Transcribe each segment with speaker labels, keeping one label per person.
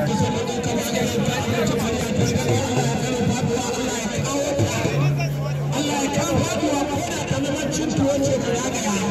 Speaker 1: Allah ya kawo faduwa ko da ta zama cin tuwo ce ta zagaya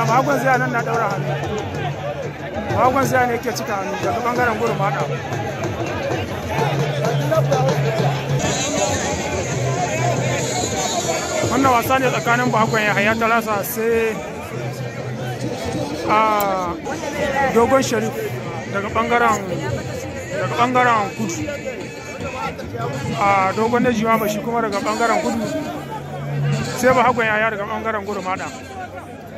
Speaker 1: ga mahagon ziya nan na daura hannu mahagon ziya ne yake cika hannu daga bangaren gurin mata wannan wasa ne tsakanin bakon ya haya talasa sai a dogon sharif daga bangaren daga bangaren kudu a dogon na jima shi kuma daga bangaren kudu sai ba hagon yaya daga bangaren gudu mada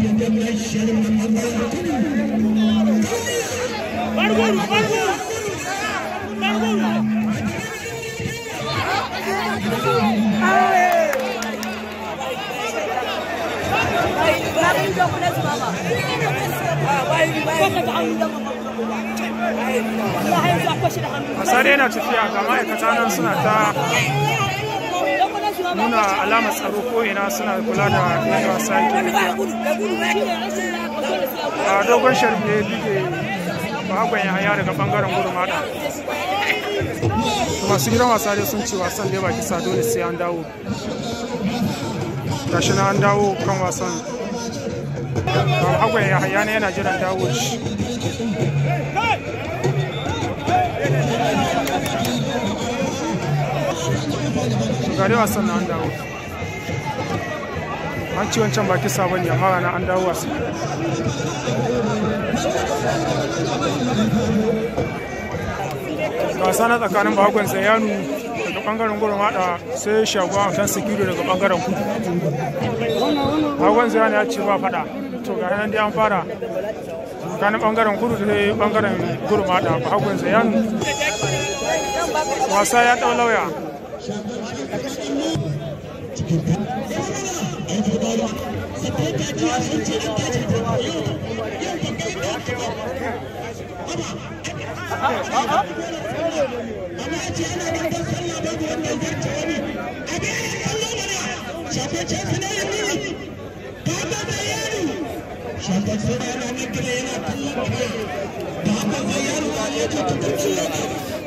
Speaker 1: Asali yana tafiya ga ma'aikata nan suna ta nuna alamar tsaro ko ina suna kula da yan wasa a dogon sharfe ne ba bakon ya hanya daga bangaren gudun hada masu gidan wasa dai sun ce wasan da baki kisa dole sai an dawo gashi na an dawo kan wasan bakon ya hanya ne yana jiran dawo shi gare wasan na an dawo an ci wancan baki sabon ya mara na an dawo wasan wasa na tsakanin bakon zayanu daga bangaren gurin hada sai shagon amfan sikiru daga bangaren kudu bakon zayanu ya ce ba fada to ga nan dai an fara tsakanin bangaren kudu da bangaren gurin hada bakon zayanu wasa ya dau lauya Şampiyonlar Ligi'ne katılan Galatasaray Fenerbahçe takımlarına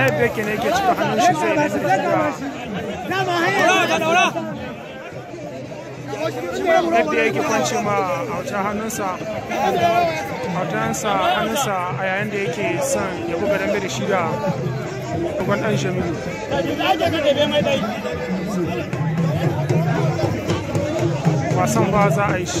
Speaker 1: live break ne yake cikin hannun shi zai ne yadda yake kwanci ma a wutar hannunsa hautansa hannunsa a yayin da yake son ya buga dambe da shi da dogon dan jamilu wasan ba za a yi shi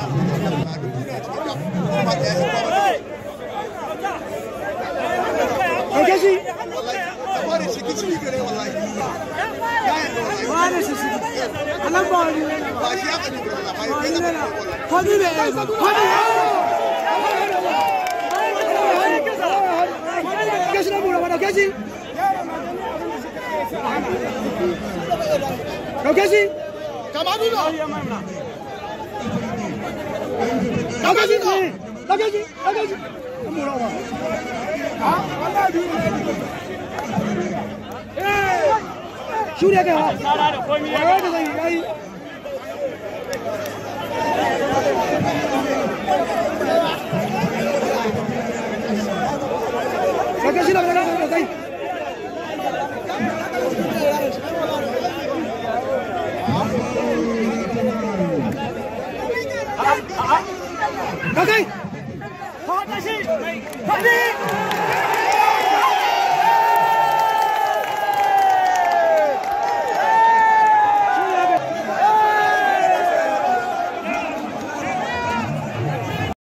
Speaker 1: Kau kasi? Kamu dulu. Lagaji ko. Lagaji, lagaji. Amura wa. Ah, Allah bi. Eh! Shuriya ka. Sara da komai. Wai da zai yayi. Lagaji lagaji. Hadi!